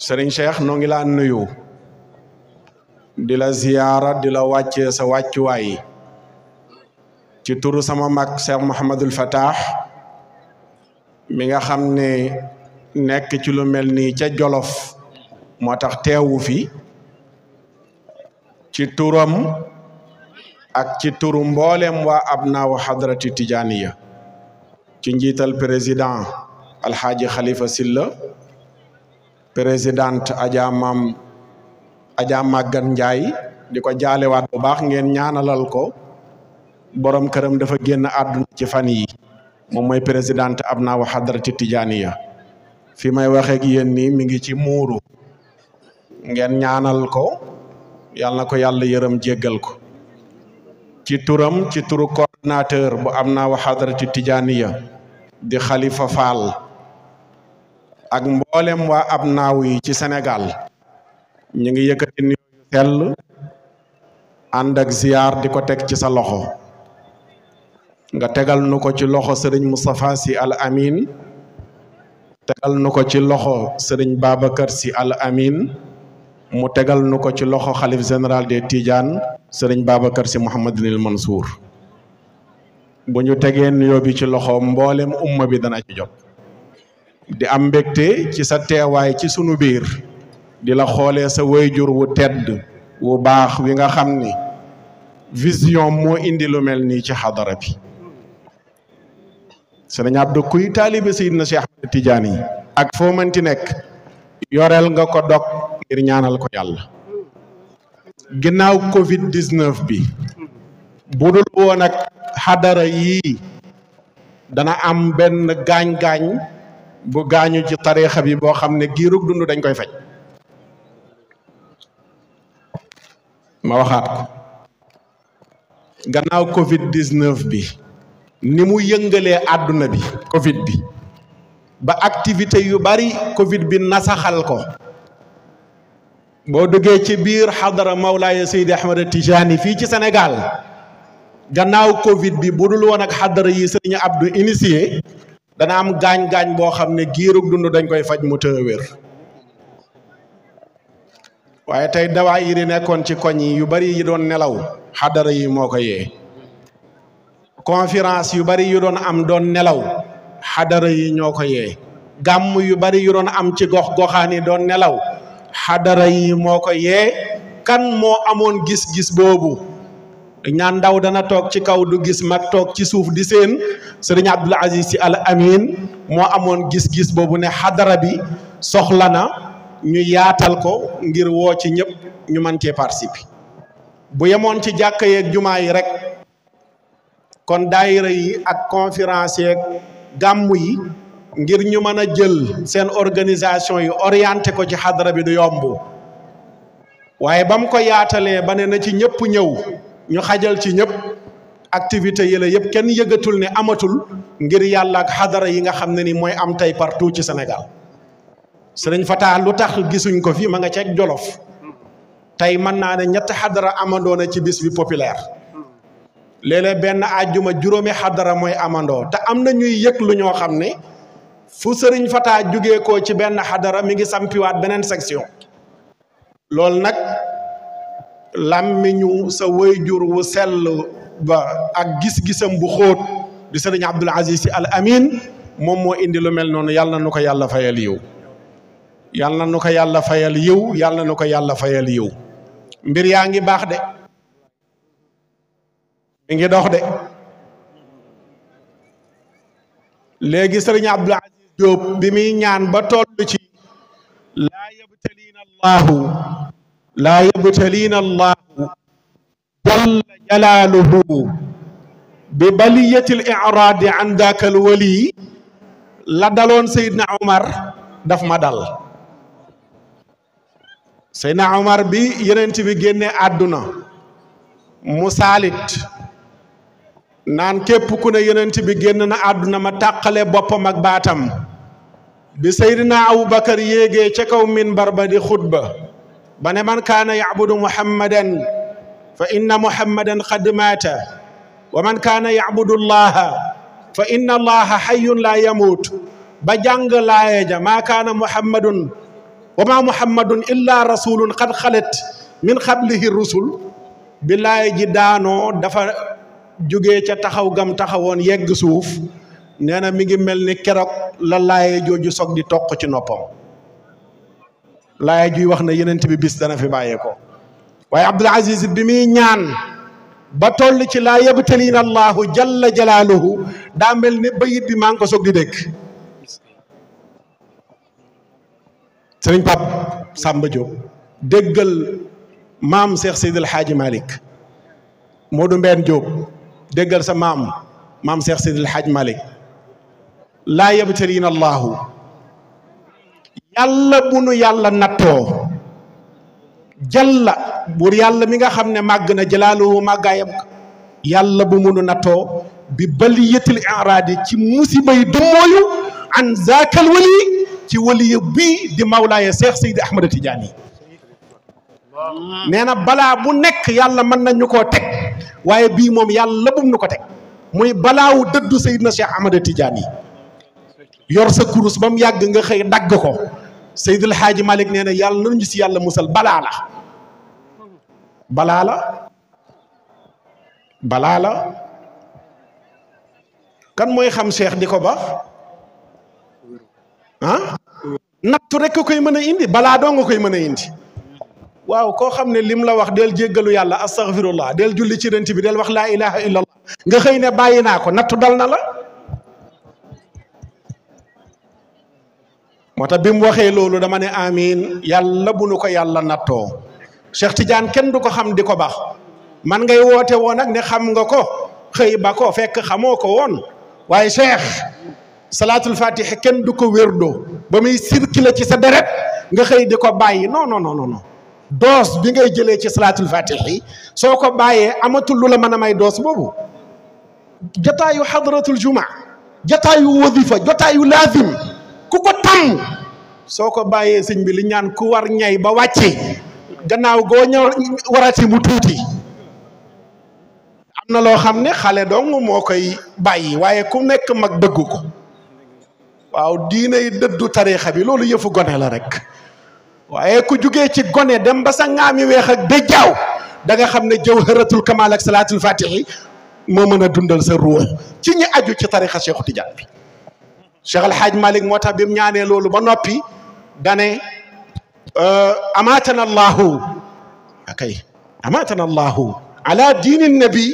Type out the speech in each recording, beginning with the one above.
Sering cheikh no ngi la nuyu dila ziyara dila di la waccu sa ci turu sama mak cheikh Mouhamadul Fatah mi nga xamne nek ci lu melni ca Jolof moo fi ci turam ak ci turu wa abna wa hadrati tijaniya ci president al hadji khalifa présidente adiamam Mam gan Magan di ko jaalewaat bu baax ngeen ñaanalal ko borom kërëm dafa genn àdduna ci fan yi mom moy présidente Abna wa hadrat Tijaaniya fi may ak yeen ni mi ngi ci muru ngeen ñaanal ko yalla ko yàlla jéggal ko ci turam ci turu coordinateur bu Abna wa hadrat Tijaaniya di Khalifa Fall ak mboolem waa ab naaw yi ci Sénégal ñu ngi yëkkati nuyoo yu sell ànd ak ziyaar di ko teg ci sa loxo nga tegal nu ko ci loxo sëriñ Moustapha Sy Al Amin tegal nu ko ci loxo sëriñ Babacar Sy Al Amin mu tegal nu ko ci loxo xalif général des Tidianes sëriñ Babacar Sy Mouhamadinil Mansour bu ñu tegee nuyoo ci loxo mboolem umma bi dana ci jot di am mbégte ci sa teewaay ci sunu biir di la xoolee sa wayjur wu tedd wu baax wi nga xam ni vision moo indi lu mel nii ci xadara bi sëriñ Abdou kuy taalibe Seydina Cheikh Ahmed Tidiane yi ak foo mënti nekk yoreel nga ko dog ngir ñaanal ko yàlla ginnaaw covid 19 bi budul woon ak xadara yii dana am benn gaañ-gaañ bu gaañu ci tariixa bi boo xam ne giirug dund dañ koy faj ma waxaat ko gannaaw covid 19 bi ni mu yëngalee àdduna bi covid bi ba activité yu bari covid bi nasaxal ko boo duggee ci biir xadara Mawlaaya Seydi Ahmad Tijaani fii ci senegaal gannaaw covid bi bu dul woon ak xadara yi sëriñ Abdou initié dana am gaañ-gaañ boo xam ne giirug dund dañ koy faj mu tëwér waaye tey dawaa iri nekkoon ci koñ yi yu bari yi doon nelaw xadara yi moo ko yee conférence yu bari yu am doon nelaw xadara yi ñoo ko yee gàmm yu bari yu doon am ci gox goxaan yi doon nelaw xadara yi moo ko yee kan moo amoon gis-gis boobu ñaan ndaw dana toog ci kaw du gis mag toog ci suuf di seen sëriñ Abdul Aziz si Al Amin moo amoon gis-gis boobu ne xadara bi soxla na ñu yaatal ko ngir woo ci ñëpp ñu mën cee participer bu yemoon ci jàkka yeeg jumaa yi rek kon daayira yi ak conférence yeeg yi ngir ñu mën a jël seen organisation yi orienté ko ci xadara bi du yomb waaye ba ko yaatalee ba ne na ci ñëpp ñëw ñu xajal ci ñëpp activité yi la yëpp kenn yëgatul ni amatul ngir yàlla ak xadara yi nga xam ne ni mooy am tey partout ci Sénégal sëriñ Fataa lu tax gisuñ ko fii ma nga ceeg Jolof tey mën naa ne ñetti xadara amandoo na ci bis bi populaire léeg-léeg benn àjjuma juróomi xadara mooy amandoo te am na ñuy yëg lu ñoo xam ne fu sëriñ Fataa jóge ko ci benn xadara mi ngi sampiwaat beneen section loolu nag. làmmiñu sa jur wu sell ba ak gis-gisam bu xóot di sëriñ Abdul Aziz Sy Al Amin moom moo indi lu mel noonu yàlla na nu ko yàlla fayal yiw yàlla na nu ko yàlla fayal yiw yàlla na ko yàlla fayal yiw mbir yaa ngi baax de mi ngi dox de léegi sëriñ Abdul Aziz Diop bi muy ñaan ba toll ci laa yabtaliina allahu la yabtaliina allahu jalaaluhu bi baliyati l iraadi an daaka al wali la daloon Seydina Omar daf ma dal Seydina Omar bi yenent bi génne àdduna mu saalit naan képp ku ne yenent bi génn na àdduna ma tàqale boppam ak baatam bi Seydina Abubakar yéegee ca kaw minbar ba di xutba ba ne man kaana yacbudu muhammadan fa inna muhammadan qad maata wa man kaana yacbudu llaha fa inna allaha xayyun laa yamuut ba jàng laaya ja maa kaana muhammadun wa maa muhammadun illa rasulun qad xalet min qablihi rusul bi laaya ji daanoo dafa jóge ca taxaw gam taxawoon yegg suuf nee na mi ngi mel ni keroog la laaya jooju soog di toq ci noppam لا يجي وحنا ينن تبي بستنا في بايكو ويا عبد العزيز بمينيان بطل لك لا يبتلين الله جل جلاله دامل نبي بمان كو سوك ديك سرين باب سامبجو دقل مام سيخ سيد الحاج مالك مودو مبين جو دقل سمام مام سيخ سيد الحاج مالك لا يبتلين الله yàlla bu nu yàlla nattoo jalla buur yàlla mi nga xam ne màgg na jalaaluhu màggaayam yàlla bu mu nu nattoo bi baliyatil iraadi ci musibay dummooyu an zaakal wali ci waliyu bii di mawlaaya seex seydi ahmada tijaani nee na balaa bu nekk yàlla mën ñu koo teg waaye bii moom yàlla bum nu ko teg muy balaawu dëddu seydina cheikh ahmada tijaani yor sa kurus ba yàgg nga xëy dagg ko سيد الحاج مالك نينا يال نرنج سي يال موسال بلالا بلالا بلالا كان موي خم شيخ ديكو باخ ها نات رك كوي مانا اندي بلا دونغ كوي مانا اندي واو كو خم ني لم لا واخ ديل جيغلو يالا استغفر الله ديل جولي سي رنتي بي ديل واخ لا اله الا الله nga xeyne bayina ko natou dalna la moo bim waxe lolou dama ne amin yàlla bu nu ko yàlla natto Cheikh Tidiane ken du ko xam diko bax man ngay wote won nak ne xam nga ko xëy ba ko fekk xamoo ko woon Cheikh salatul fatih ken du ko wérdo ba circuler ci sa deret nga xëy diko ko bàyyi non non non non dos bi ngay jele ci salatul fatih soko baye ko bàyyee amatul lu la may dos bobu jotaayu hadratul juma jotaayu wadifa jotaayu lazim ku ko tàmm soo ko bàyyee sëñ bi li ñaan ku war ñay ba wàcce gannaaw goo ñëw warati mu tuuti am na loo xam ne xale doom moo koy bàyyi waaye ku nekk mag dëggu ko waaw diinay dëddu tariixa bi loolu yëfu gone la rek waaye ku jógee ci gone dem ba sa ngaami weex ak dëjjaaw da nga xam ne jawharatul kamal ak salaatul fatihi moo mën a dundal sa ruux ci ñi aju ci tariixa Seexu Tijaan bi Cheikh Al Hadj Malick moo tax bi mu ñaanee loolu ba noppi dane amaatana allahu akay amaatana allahu ala diini nabi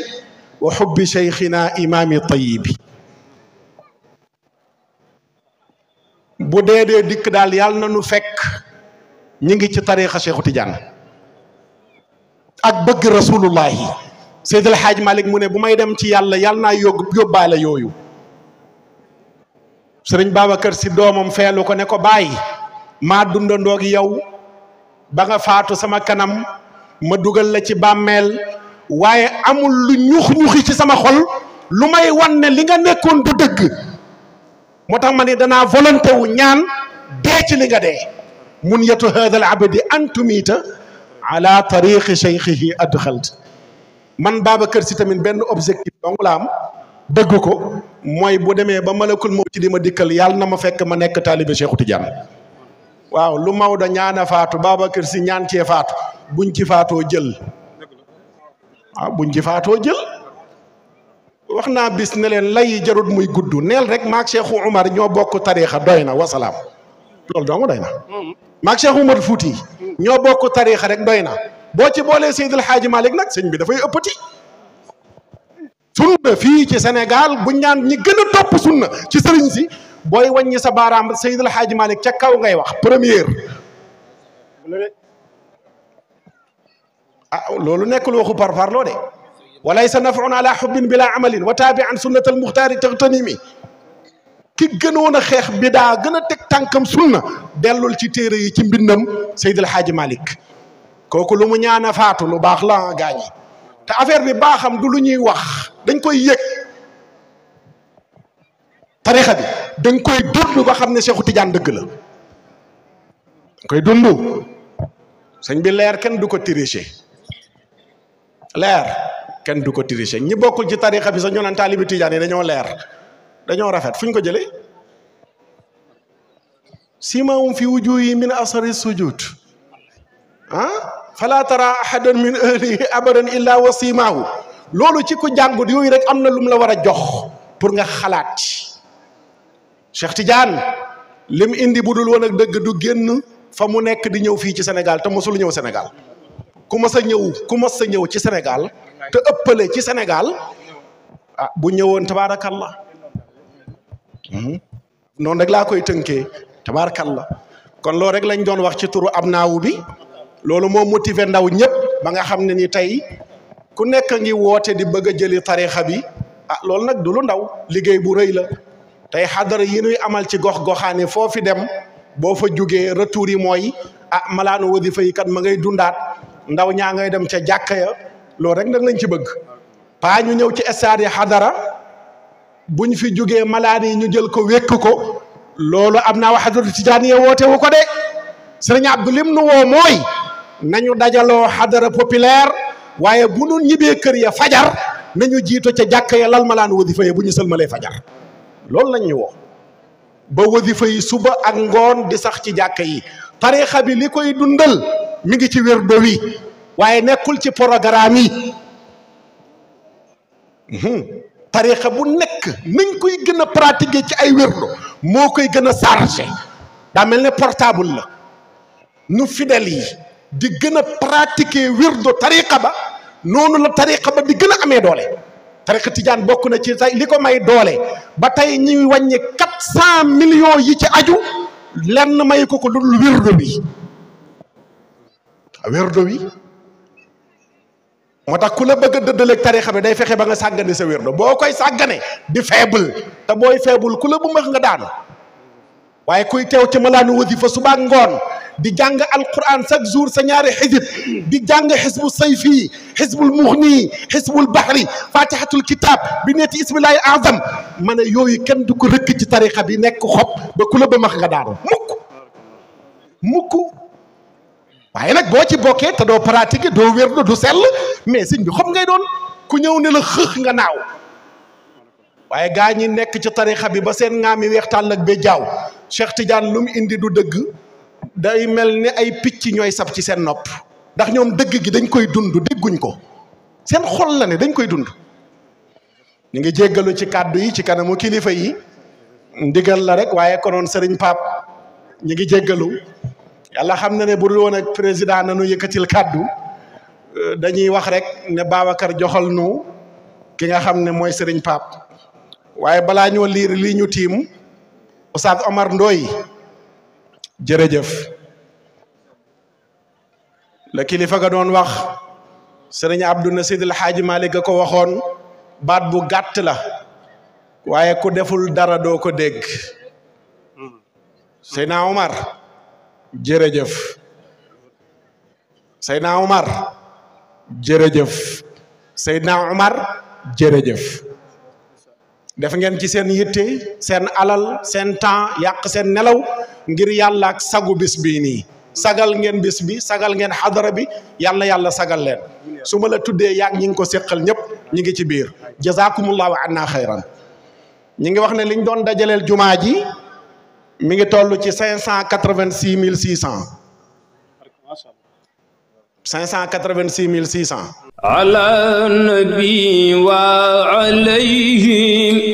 wa xubbi cheikhina imaami tayibi bu dee dee dikk daal yàlla na nu fekk ñi ngi ci tariixa Cheikhu Tidiane ak bëgg rasulullahi Seydi El Hadj Malick mu ne bu may dem ci yàlla yàlla naa yóbbaale yooyu sëriñ kër si doomam feelu ko ne ko bàyyi maa dundandoo ndoog yow ba nga faatu sama kanam ma dugal la ci bàmmeel waaye amul lu ñux ñuxi ci sama xol lu may wan ne li nga nekkoon du dëgg moo tax ma ne danaa volonté wu ñaan dee ci li nga dee mun yetu hada al abdi antumita ala tariqi cheikhihi adxalt man Babacar si tamit benn objectif dong la am ko moy bu démé ba malakul mawti dima dikkal yàlla na ma fekk ma nek talib cheikhou Tidiane waaw lu mawda ñaana faatu babakar si ñaan ci faatu buñ ci faatoo jël ah buñ ci faatoo jël waxna bis ne len lay jarut muy gudd neel rek mak cheikhou Umar ño bokk tariixa doyna wa wasalaam lol do nga doyna mak cheikhou Umar fouti ño bokk tariixa rek doyna bo ci bolé Seydil Xaaji Malik nak seigne bi fay ëppati sunna fi ci Sénégal bu ñaan ñi gëna top sunna ci serigne ci boy wañi sa baram Seydi El Hadji malik ci kaw ngay wax premier ah loolu nekkul waxu par parparloo de walaysa nafun ala hubbin bila amalin wa tabi'an sunnat al muxtaari taxtanimi ki gëna wona xex bidaa gën a teg tànkam sunna delul ci téré yi ci mbindam Seydi El Hadji malik koku lu mu ñaana a faatu lu bax la gañi te affaire bi baaxam du lu ñuy wax dañ koy yëg tarixa bi dañ koy dund ba xam ne Seexu Tijaan dëgg la dañ koy dund sëñ bi leer kenn du ko tricher leer kenn du ko tricher ñi bokkul ci tarixa bi sax ñoo naan taalibi Tijaan yi dañoo leer dañoo rafet fu ñu ko jëlee simaahum fi wujuuhihim min asari sujud ah fala tara ahadan min ahlihi abadan illa wasimaahu loolu ci ku jàngut yooyu rek am na lu mu la war a jox pour nga xalaat Cheikh Tidiane lim indi bu dul woon dëgg du génn fa mu nekk di ñëw fii ci Sénégal te mosul ñëw Sénégal ku mas a ñëw ku mas a ñëw ci Sénégal te ëppale ci Sénégal ah bu ñëwoon tabaarakallah hmm? noonu rek laa koy tënkee la kon loolu rek lañ doon wax ci turu am naawu bi loolu moom motiver ndaw ñëpp ba nga xam ne ni tey ku nekk ngi woote di bëgg a jëli tarixa bi ah loolu nag du lu ndaw liggéey bu rëy la tey xadara yi nuy amal ci gox goxaani foo fi dem boo fa jugee retour yi mooy ah malaanu wadifa yi kat ma ngay dundaat ndaw ñaa ngay dem ca jàkka ya loolu rek nag nañ ci bëgg paa ñu ñëw ci stade yi xadara buñ fi jugee malaan yi ñu jël ko wékk ko loolu am na naa waxadatu tijaaniya woote wootewu ko de sëriñ Abdou lim nu woo mooy nañu dajaloo xadara populaire waaye bu nu ñibbee kër ya fajar nañu jiito ca jàkk ya lal malaan wadifa ya bu ñu sëlmalee fajar loolu lañuy wo woo ba wadifa yi suba ak ngoon di sax ci jàkk yi tarixa bi li koy dundal mi ngi ci wérdo wi waaye nekkul ci programme yi hmm. tarixa bu nekk nañ koy gën a pratiquer ci ay wérdo moo koy gën a chargé daa mel ne portable la nu fidèle yi di gën a pratiquer wirdu tariqa ba noonu la tariqa ba di gën a amee doole tariqa tijaan bokk na ci li ko may doole ba tey ñuy wàññi quatre cent millions yi ci aju lenn may ko ko lu dul wirdu bi wirdu wi moo tax ku la bëgg a dëddaleeg tarixa bi day fexe ba nga sàggane sa wirdo boo koy sàggane di faible te booy faible ku la bu max nga daanu waaye kuy teew ci ma malaanu wasifa suba ak ngoon di jàng alquran chaque jour sa ñaari xisib di jàng xisbu sayfi xisbul muxni xisbul bahri fatihatul kitab bi neeti ismillahi azam ma ne yooyu kenn du ko rëkk ci tarixa bi nekk xob ba ku la ba max nga daanu mukk mukk waaye nag boo ci bokkee te doo pratiquer doo wérdu du sell mais sëñ bi xob ngay doon ku ñëw ne la xëx nga naaw waaye gaa ñi nekk ci tarixa bi ba seen ŋaami weextaan ak ba jaaw Cheikh Tidiane lu mu indi du dëgg day mel ni ay picc ñooy sab ci seen nopp ndax ñoom dëgg gi dañ koy dund dégguñ ko seen xol la ne dañ koy dund ñu ngi jéggalu ci kàddu yi ci kanamu kilifa yi ndigal la rek waaye konoon sëriñ Pape ñu ngi jéggalu yàlla xam na ne bu dul woon ak président nanu yëkkatil kàddu euh, dañuy wax rek ne Babacar joxal nu ki nga xam ne mooy sëriñ Pape waaye balaa ñoo liir lii ñu tiim Oustaz Omar yi jërëjëf la kilifa nga doon wax sëriñ Abdou Nasid El Hadj Malick ko waxoon baat bu gàtt la waaye ku deful dara doo ko dégg Seyna Omar jërëjëf Seyna Omar jërëjëf Seyna jërëjëf def ngeen ci seen yitti seen alal seen temps yàq seen nelaw ngir yalla ak sagu bis bi ni sagal ngeen bis bi sagal ngeen xadara bi yalla yalla sagal len suma la tuddé yak ñing ko sekkal ñep ñi ngi ci biir jazakumullahu anna khairan ñi ngi wax ne liñ doon dajalel jumaa ji mi ngi tollu ci 586600 ala wa alayhi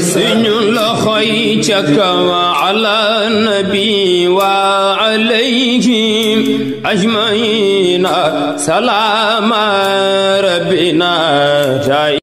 سن لخي شك على النبي وعليهم أجمعين سلام ربنا